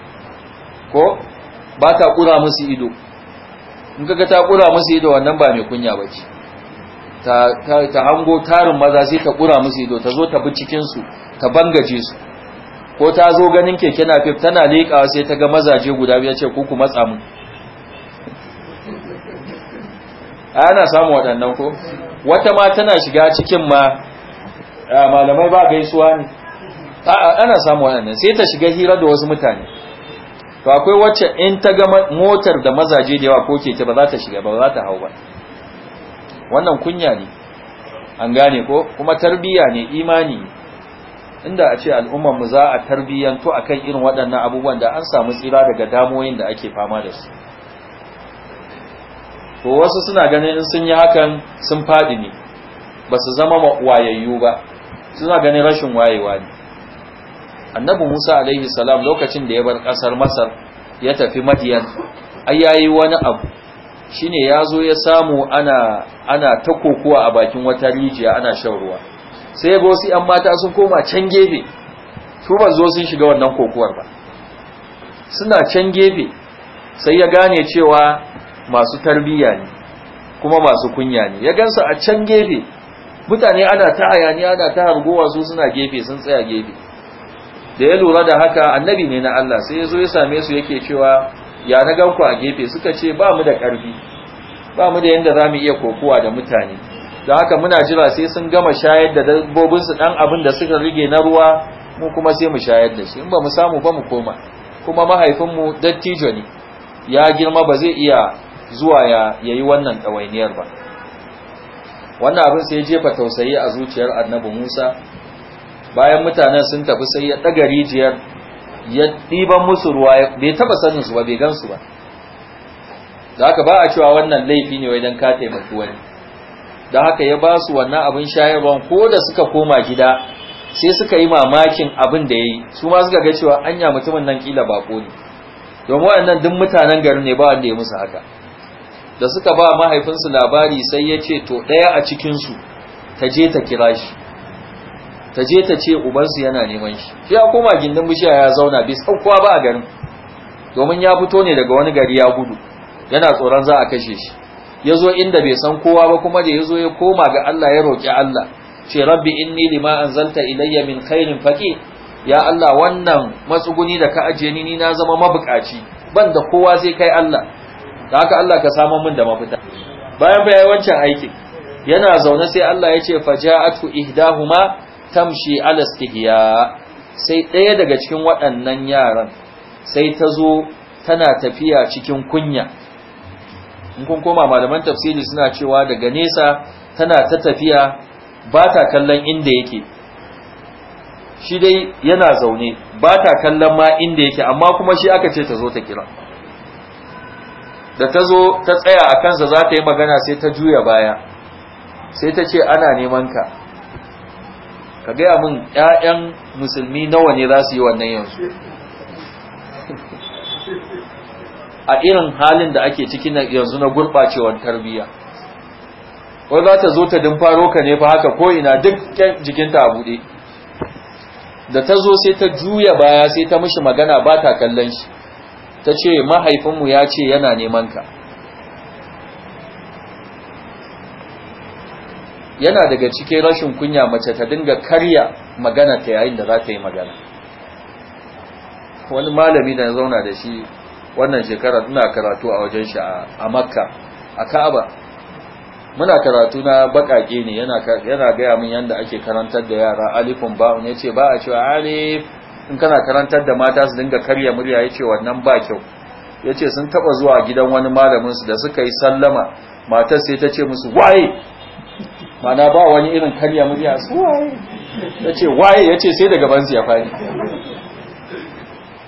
ko ba ta kura musu ido in kaga ta kura musu ido wannan ba mai kunya bace ta ta hango tarin maza sai ta kura musu ido ta zo ta bi cikin su ta bangaje su ko ta zo ganin keke fif. tana leƙawa sai ta ga mazaje guda biyar ce ku ku matsa mu ana samu waɗannan ko wata ma tana shiga cikin ma malamai ba gaisuwa ne ana samu waɗannan sai ta shiga hira da wasu mutane to akwai wacce in ta ga motar da mazaje da yawa ko keke ba za ta shiga ba za ta hau ba wannan kunya ne an gane ko kuma tarbiya ne imani inda a ce al'ummar mu za a tarbiyanto akan irin waɗannan abubuwan da an samu tsira daga damoyin da ake fama da su to wasu suna ganin in sun yi hakan sun faɗi ne ba su zama wayayyu ba suna ganin rashin wayewa ne annabi Musa alaihi salam lokacin da ya bar kasar Masar ya tafi Madiyan ai yayi wani abu shine yazo ya samu ana ana ta a bakin wata rijiya ana shan ruwa sai ga wasu 'yan mata sun koma can gefe su ba zo sun shiga wannan kokuwar ba suna can gefe sai ya gane cewa masu tarbiyya ne kuma masu kunya ne ya gansa a can gefe mutane ana ta hayaniya ana ta hargowa su suna gefe sun tsaya gefe da ya lura da haka annabi ne na Allah sai ya zo ya same su yake cewa ya na ganku a gefe suka ce ba mu da ƙarfi ba mu da yadda za mu iya kokowa da mutane da haka muna jira sai sun gama shayar da dabbobinsu ɗan abin da suka rige na ruwa mu kuma sai mu shayar da shi in ba mu samu ba mu koma kuma mahaifinmu dattijo ne ya girma ba zai iya zuwa ya yi wannan ɗawainiyar ba wannan abin sai ya jefa tausayi a zuciyar annabi musa bayan mutanen sun tafi sai ya ɗaga rijiyar ya ɗiban musu ruwa bai taɓa sanin su ba bai gan su ba da haka ba a cewa wannan laifi ne wajen don ka taimaki wani da haka ya ba su wannan abin shayarwan ko da suka koma gida sai suka yi mamakin abin da ya yi su ma suka ga cewa anya mutumin nan kila baƙo ne domin waɗannan duk mutanen garin ne ba wanda ya musu haka da suka ba mahaifinsu labari sai ya ce to ɗaya a cikinsu ta je ta kira shi ta je ta ce ubansu yana neman shi shi ya koma gindin bishiya ya zauna bai saukowa ba a garin domin ya fito ne daga wani gari ya gudu yana tsoron za a kashe shi ya zo inda bai san kowa ba kuma da ya zo ya koma ga Allah ya roƙi Allah ce rabbi inni lima anzalta ilayya min khairin faqi ya Allah wannan matsuguni da ka ajiye ni ni na zama mabukaci ban da kowa zai kai Allah da haka Allah ka samu min da mafita bayan bayan wancan aikin yana zaune sai Allah ya ce faja'atu ihdahuma tamshi ala istihya sai ɗaya daga cikin waɗannan yaran sai ta zo tana tafiya cikin kunya in kun koma malaman tafsiri suna cewa daga nesa tana ta tafiya ba ta kallon inda yake shi dai yana zaune ba ta kallon ma inda yake amma kuma shi aka ce ta zo ta kira da ta zo ta tsaya a kansa za ta yi magana sai ta juya baya sai ta ce ana neman ka ka gaya min ƴaƴan musulmi nawa ne za su yi wannan yanzu a irin halin da ake ciki yanzu na gurɓacewar tarbiyya wai za ta zo ta dimfaro ka ne fa haka ko ina duk jikinta a buɗe da ta zo sai ta juya baya sai ta mishi magana ba ta kallon shi ta ce mahaifinmu ya ce yana neman ka yana daga cikin rashin kunya mace ta dinga karya magana ta yayin da za ta yi magana wani malami da zauna da shi wannan shekara ina karatu a wajen shi a makka a ka'aba muna karatu na bakake ne yana gaya min yadda ake karantar da yara alifun ba'un ce ba a cewa alif in kana karantar da mata su dinga karya murya ya ce, wannan ba kyau Ya ce sun taba zuwa gidan wani malamin su da suka yi sallama matar sai ta ce musu waye mana ba wani irin karya murya su waye ya ce waye ya ce sai daga banzu ya fari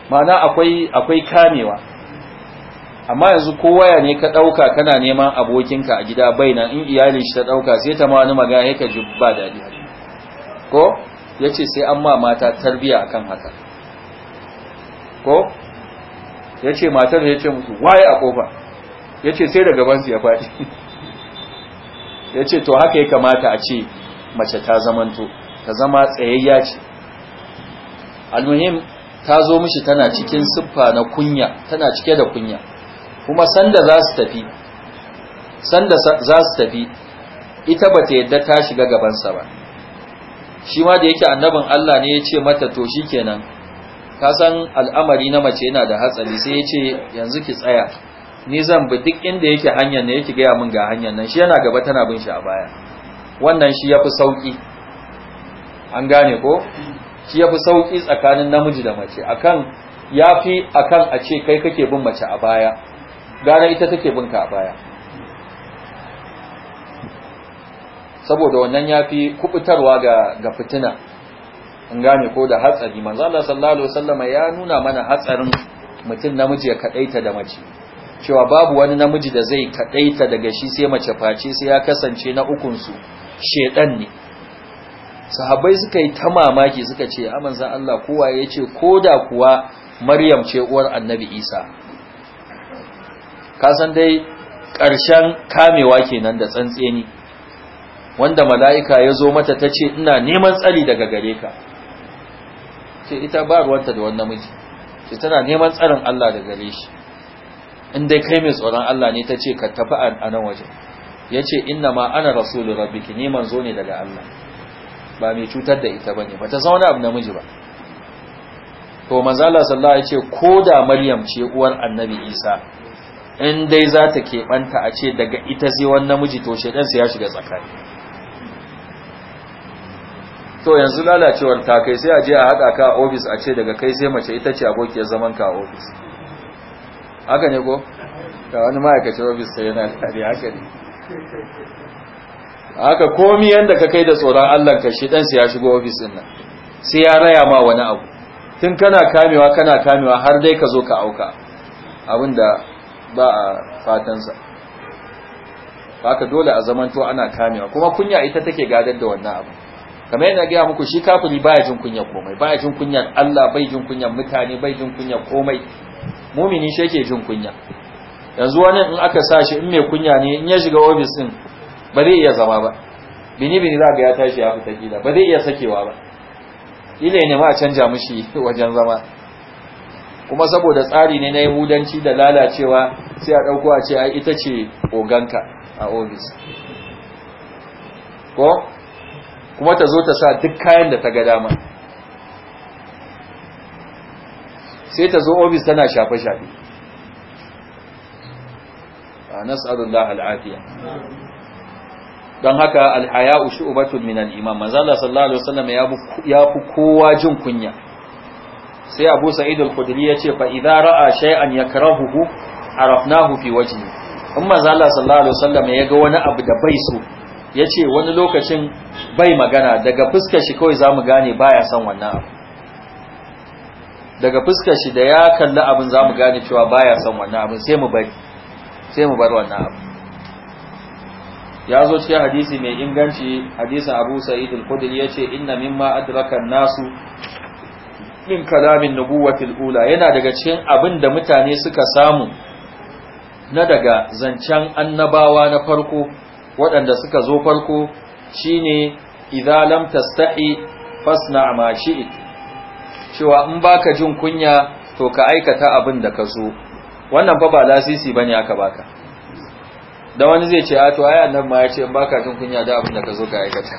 mana akwai kamewa amma yanzu kowaya ne ka ɗauka kana neman abokinka a gida baina in iyalin shi ta ɗauka sai ta ma wani magana ya ka ji ba daɗi ko ya ce sai an ma mata tarbiya akan haka ko ya ce matar ya ce musu waye a ƙofa ya ce sai daga banzu ya faɗi ya ce to haka ya kamata a ce mace ta zamanto ta zama tsayayya ce almuhim ta zo mishi tana cikin siffa na kunya tana cike da kunya kuma sanda za su tafi sanda za su tafi ita ba ta yadda ta shiga gabansa ba shi ma da yake annabin Allah ne ya ce mata to shi kenan ka san al'amari na mace yana da hatsari sai ya ce yanzu ki tsaya ni zan bi duk inda yake hanyar ne yake gaya min ga hanyar nan shi yana gaba tana bin shi a baya wannan shi ya fi sauƙi an gane ko shi ya fi sauƙi tsakanin namiji da mace akan ya fi akan a ce kai kake bin mace a baya gane ita take bin ka a baya saboda wannan ya fi kubutarwa ga fitina in gane ko da hatsari manzo Allah sallallahu alaihi wasallam ya nuna mana hatsarin mutum namiji ya kadaita da mace cewa babu wani namiji da zai kadaita daga shi sai mace face sai ya kasance na ukun su shedan ne sahabbai suka yi ta mamaki suka ce amanzan Allah kowa ya ce ko da kuwa maryam ce uwar annabi isa Ka san dai ƙarshen kamewa kenan da tsantseni wanda mala'ika ya zo mata ta ce ina neman tsari daga gare ka ce ita ba ruwanta da wannan miji ce tana neman tsarin Allah da gare shi in dai kai mai tsoron Allah ne ta ce ka tafi a nan waje ya ce inna ma ana rasulun rabbiki neman zo ne daga Allah ba mai cutar da ita ba ne ba ta zaune abu namiji ba to manzala sallah ya ce ko da maryam ce uwar annabi isa in dai za ta keɓanta a ce daga ita sai wani namiji to shaidansa ya shiga tsakani to yanzu lalacewar ta kai sai a je a haɗa ka a ofis a ce daga kai sai mace ita ce abokiyar zaman ka a ofis haka ne ko ga wani ma'aikacin ofis sai yana tare haka ne haka komi yanda ka kai da tsoron Allah ka shi dan sai ya shigo ofis din nan sai ya raya ma wani abu tun kana kamewa kana kamewa har dai ka zo ka auka abinda ba a fatansa haka dole a zamanto ana kamewa kuma kunya ita take gadar da wannan abu kamar yadda gaya muku shi kafuri baya jin kunya komai baya jin kunya Allah bai jin kunya mutane bai jin kunya komai mumini shi yake jin kunya yanzu wani in aka sa shi in mai kunya ne in ya shiga ofis din ba zai iya zama ba bini bini za ga ya tashi ya fita kila ba zai iya sakewa ba ile ne ma a canja mishi wajen zama kuma saboda tsari ne na yahudanci da lalacewa sai a ɗauko a ce ai ita ce oganka a ofis ko kuma ta zo ta sa duk kayan da ta ga dama sai ta zo ofis tana shafe-shafe a nasarullah al'afiya don haka alhaya'u shu'batun min al-iman manzala sallallahu alaihi wasallam ya fi kowa jin kunya sai Abu Sa'id al-Khudri ce, fa idza ra'a shay'an yakrahuhu arafnahu fi wajhi in manzala sallallahu alaihi wasallam ya ga wani abu da bai so yace wani lokacin bai magana daga fuskar shi kawai zamu gane baya son wannan abu daga fuskar shi da ya kalli abin za mu gane cewa baya son wannan abin sai mu bari sai mu bar wannan abin ya zo cikin hadisi mai inganci hadisin abu sa'id al-khudri yace inna mimma adraka nasu min kalamin nubuwati al-ula yana daga cikin abin da mutane suka samu na daga zancen annabawa na farko waɗanda suka zo farko shine idza lam tastahi fasna ma shi'it cewa in baka jin kunya to ka aikata abin da ka so wannan fa ba lasisi bane aka baka da wani zai ce a to ai annabi ma ya ce in baka jin kunya da abin da ka so ka aikata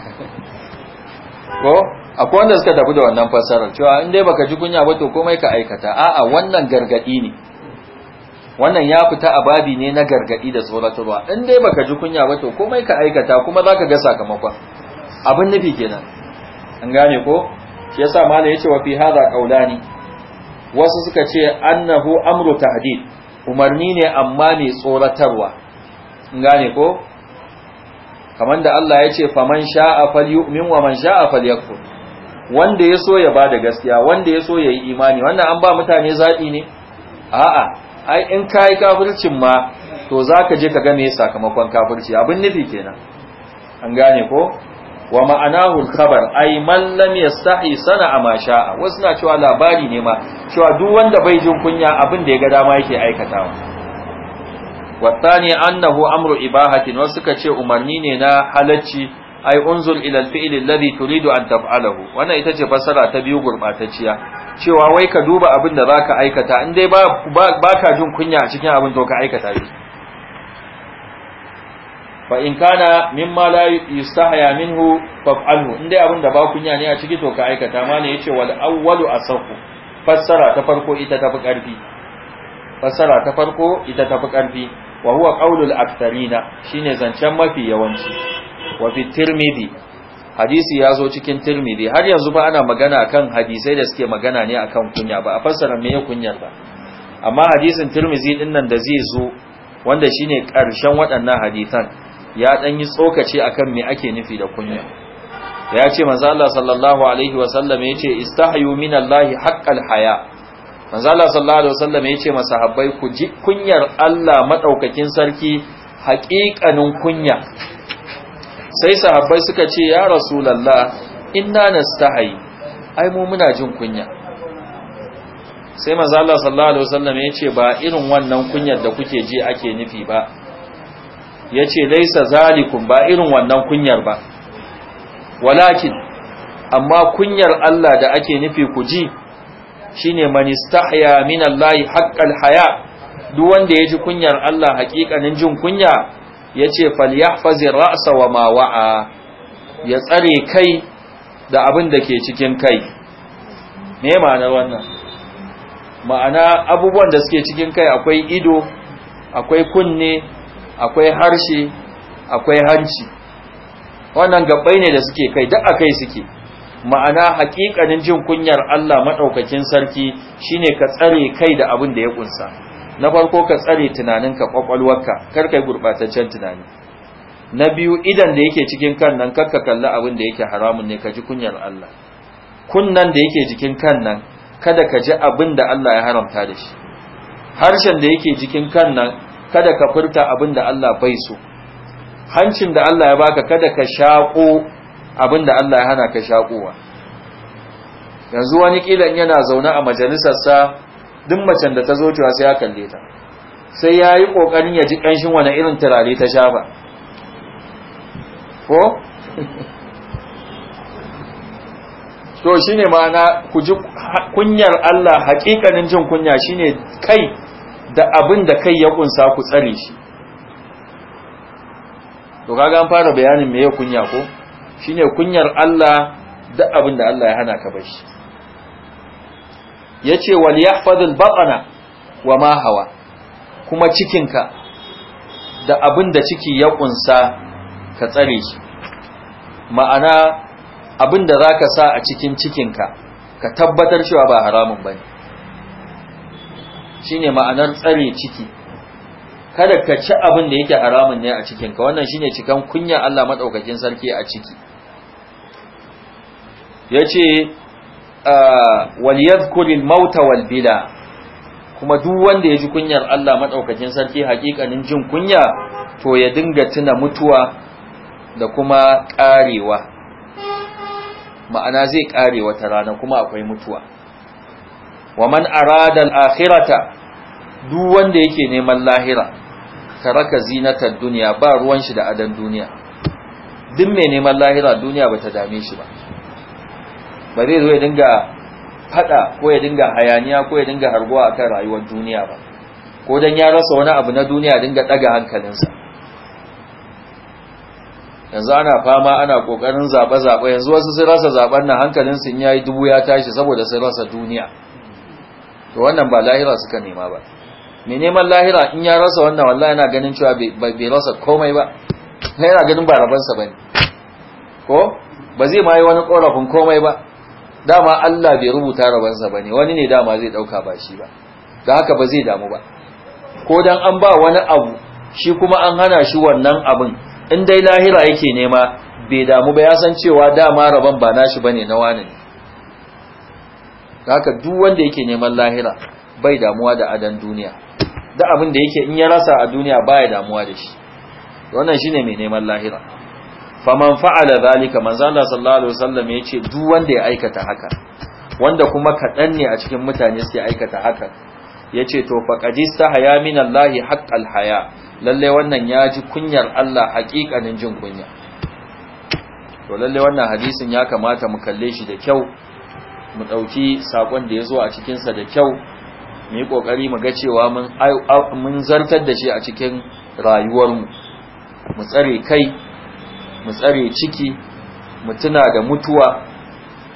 ko akwai wanda suka tafi da wannan fasarar cewa in dai baka ji kunya ba to komai ka aikata a'a wannan gargadi ne wannan ya fita a babi ne na gargadi da tsoratarwa in dai baka ji kunya ba to komai ka aikata kuma zaka ga sakamakon abin nufi kenan an gane ko shi yasa mala yace wa fi hadha qawlani wasu suka ce annahu amru tahdid umarni ne amma ne tsoratarwa gane ko kamar da Allah ya ce faman sha'a falyu'min wa man sha'a falyakfur wanda ya so ya bada gaskiya wanda ya so ya yi imani wannan an ba mutane zaɓi ne a'a ai in kai kafircin ma to zaka je ka ga me sakamakon kafirci abin nufi kenan an gane ko wa ma'anahu khabar ay man lam yastahi sana ma sha'a wasu na cewa labari ne ma cewa duk wanda bai jin kunya abin da ya ga dama yake aikatawa wasani annahu amru ibahatin wasu suka ce umarni ne na halacci ay unzur ila al alladhi turidu an taf'alahu wannan ita ce fasara ta biyu gurbatacciya cewa wai ka duba abin da zaka aikata in dai ba baka jin kunya a cikin abin to ka aikata shi fa in kana mimma la yustahya minhu faf'alhu inda abin da ba kunya ne a ciki to ka aikata ma ne yace wal awwalu asahu fassara ta farko ita tafi karfi fassara ta farko ita tafi karfi wa huwa qaulul aktharina shine zancen mafi yawanci wa fi tirmidhi hadisi ya zo cikin tirmidhi har yanzu ba ana magana akan hadisai da suke magana ne akan kunya ba a fassara me ya kunyar ba amma hadisin tirmidhi din da zai zo wanda shine karshen waɗannan hadisan ya dan yi tsokace akan me ake nufi da kunya ya ce manzo Allah sallallahu alaihi wasallam ya ce istahyu minallahi haqqal haya manzo Allah sallallahu alaihi wasallam ya ce masahabbai ku ji kunyar Allah madaukakin sarki haƙiƙanin kunya sai sahabbai suka ce ya rasulullah inna nastahi ai mu muna jin kunya sai manzo Allah sallallahu alaihi wasallam ya ce ba irin wannan kunyar da kuke ji ake nufi ba ya ce laisa zalikun ba irin wannan kunyar ba walakin amma kunyar Allah da ake nufi ku ji shine manistahya min Allah haqqal haya duk wanda ya ji kunyar Allah hakikanin jin kunya yace falyahfazi ra'sa wa ma wa'a ya tsare kai da abin da ke cikin kai me ma'ana wannan ma'ana abubuwan da suke cikin kai akwai ido akwai kunne akwai harshe akwai hanci wannan gabbai ne da suke kai duk akai suke ma'ana hakikanin jin kunyar Allah madaukakin sarki shine ka tsare kai da abin da ya kunsa na farko ka tsare tunaninka kwakwalwarka kar kai gurbataccen tunani na biyu idan da yake cikin kan nan kar ka kalli abin da yake haramun ne ka ji kunyar Allah kunnan da yake jikin kan nan kada ka ji abin da Allah ya haramta da shi harshen da yake jikin kan nan kada ka furta abin da Allah bai so hancin da Allah ya baka kada ka shaƙo abin da Allah ya hana ka shaƙowa yanzu wani kilan yana zaune a majalisarsa duk macen da ta zo cewa sai ya kalle ta sai ya yi ƙoƙarin ya ji ƙanshin wani irin turare ta sha ba ko? to shi ne ma'ana kunyar Allah haƙiƙanin jin kunya shi ne kai da abin da kai ya kunsa ku tsare shi to kaga an fara bayanin me ya kunya ko shine kunyar Allah da abin da Allah ya hana ka bar shi yace wal yahfazul batna wa ma hawa kuma cikinka da abin da ciki ya kunsa ka tsare shi ma'ana abin da zaka sa a cikin cikinka ka tabbatar cewa ba haramun bane shine ma'anar tsare ciki kada ka ci abin da yake haramun ne a cikin ka wannan shine cikan kunya Allah madaukakin sarki a ciki yace ah, wal yadhkuril mauta wal bila kuma duk wanda ya ji kunyar Allah madaukakin sarki hakikanin jin kunya to ya dinga tuna mutuwa da kuma karewa ma'ana zai kare wata rana kuma akwai mutuwa wa man arada al-akhirata duk wanda yake neman lahira taraka zinatar duniya ba ruwan shi da adan duniya duk mai neman lahira duniya bata dame shi ba ba zai zo ya dinga fada ko ya dinga hayaniya ko ya dinga harguwa kan rayuwar duniya ba ko dan ya rasa wani abu na duniya dinga daga hankalinsa yanzu ana fama ana kokarin zaɓe-zaɓe yanzu wasu sun rasa zaɓen nan hankalin sun yayi dubu ya tashi saboda sun rasa duniya to wannan ba lahira suka nema ba mai neman lahira in ya rasa wannan wallahi yana ganin cewa bai rasa komai ba yana ganin ba rabansa ba ne ko ba zai ma yi wani korafin komai ba dama Allah bai rubuta rabansa ba ne wani ne dama zai ɗauka ba shi ba da haka ba zai damu ba ko dan an ba wani abu shi kuma an hana shi wannan abin in dai lahira yake nema bai damu ba ya san cewa dama rabon ba nashi bane na wani ne haka duk wanda yake neman lahira bai damuwa da adan duniya da abin da yake in ya rasa a duniya baya damuwa da shi wannan shine mai neman lahira Fa man fa'ala zalika manzo Allah sallallahu alaihi wasallam yace duk wanda ya aikata haka wanda kuma kadan ne a cikin mutane suke aikata haka yace to fa qadista haya minallahi haqqal haya lalle wannan ya ji kunyar Allah haƙiƙanin jin kunya to lalle wannan hadisin ya kamata mu kalle shi da kyau mu ɗauki saƙon da ya zo a cikinsa da kyau mu yi ƙoƙari mu ga cewa mun zartar da shi a cikin rayuwarmu mu tsare kai mu tsare ciki mu tuna da mutuwa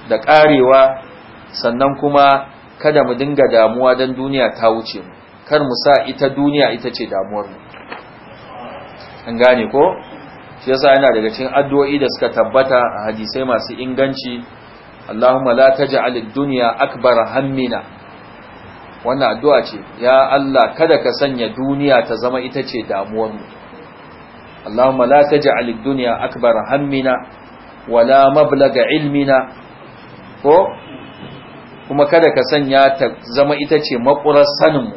da ƙarewa sannan kuma kada mu dinga damuwa don duniya ta wuce mu kar mu sa ita duniya ita ce damuwarmu an gane ko shi yasa yana daga cikin addu'o'i da suka tabbata a hadisai masu inganci Allahumma la taj'al ad-dunya akbar wannan addu'a ce ya Allah kada ka sanya duniya ta zama ita ce damuwar mu Allahumma la taj'al ad-dunya akbar hammina wala mablaga ilmina ko kuma kada ka sanya ta zama ita ce makurar sanin mu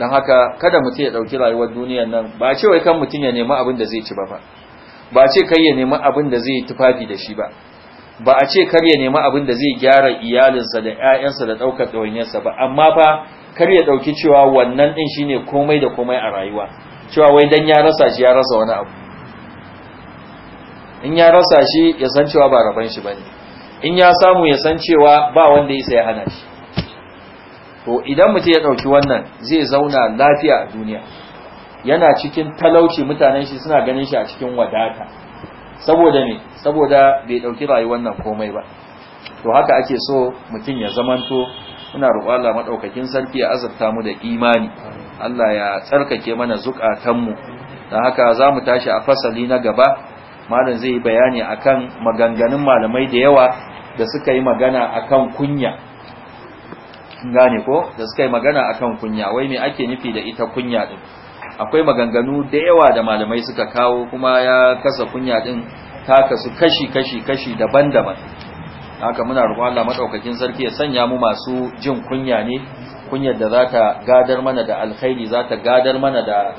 don haka kada mutum ya dauki rayuwar duniyar nan ba ce wai kan mutum ya nemi abin da zai ci ba ba ba ce kai ya nemi abin da zai tufafi da shi ba ba a ce kar ya nemi abin da zai gyara iyalinsa da 'ya'yansa da ɗaukar ɗawainiyarsa ba amma fa kar ya ɗauki cewa wannan ɗin shine komai da komai a rayuwa cewa wai dan ya rasa shi ya rasa wani abu in ya rasa shi ya san cewa ba raban shi bane in ya samu ya san cewa ba wanda yasa ya hana shi to idan mutum ya ɗauki wannan zai zauna lafiya a duniya yana cikin talauci mutanen shi suna ganin shi a cikin wadata saboda ne saboda bai dauki rayuwar nan komai ba to haka ake so mutum ya zamanto muna roƙo Allah madaukakin sarki ya azurta mu da imani Allah ya tsarkake mana zukatanmu dan haka zamu tashi a fasali na gaba malam zai bayani akan maganganun malamai da yawa da suka yi magana akan kunya gane ko da suka yi magana akan kunya wai me ake nufi da ita kunya din akwai maganganu da yawa da malamai suka kawo kuma ya kasa kunya din ta kasu kashi kashi kashi daban-daban haka muna roƙon Allah madaukakin sarki ya sanya mu masu jin kunya ne kunyar da ta gadar mana da alkhairi za ta gadar mana da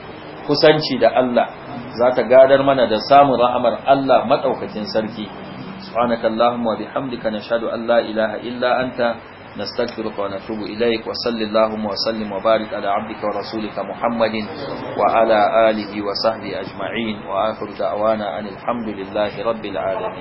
kusanci da Allah Za ta gadar mana da samun rahamar Allah madaukakin sarki subhanakallahumma wa bihamdika nashhadu an la ilaha illa anta نستغفرك ونتوب إليك وصل اللهم وسلم وبارك على عبدك ورسولك محمد وعلى آله وصحبه أجمعين وآخر دعوانا أن الحمد لله رب العالمين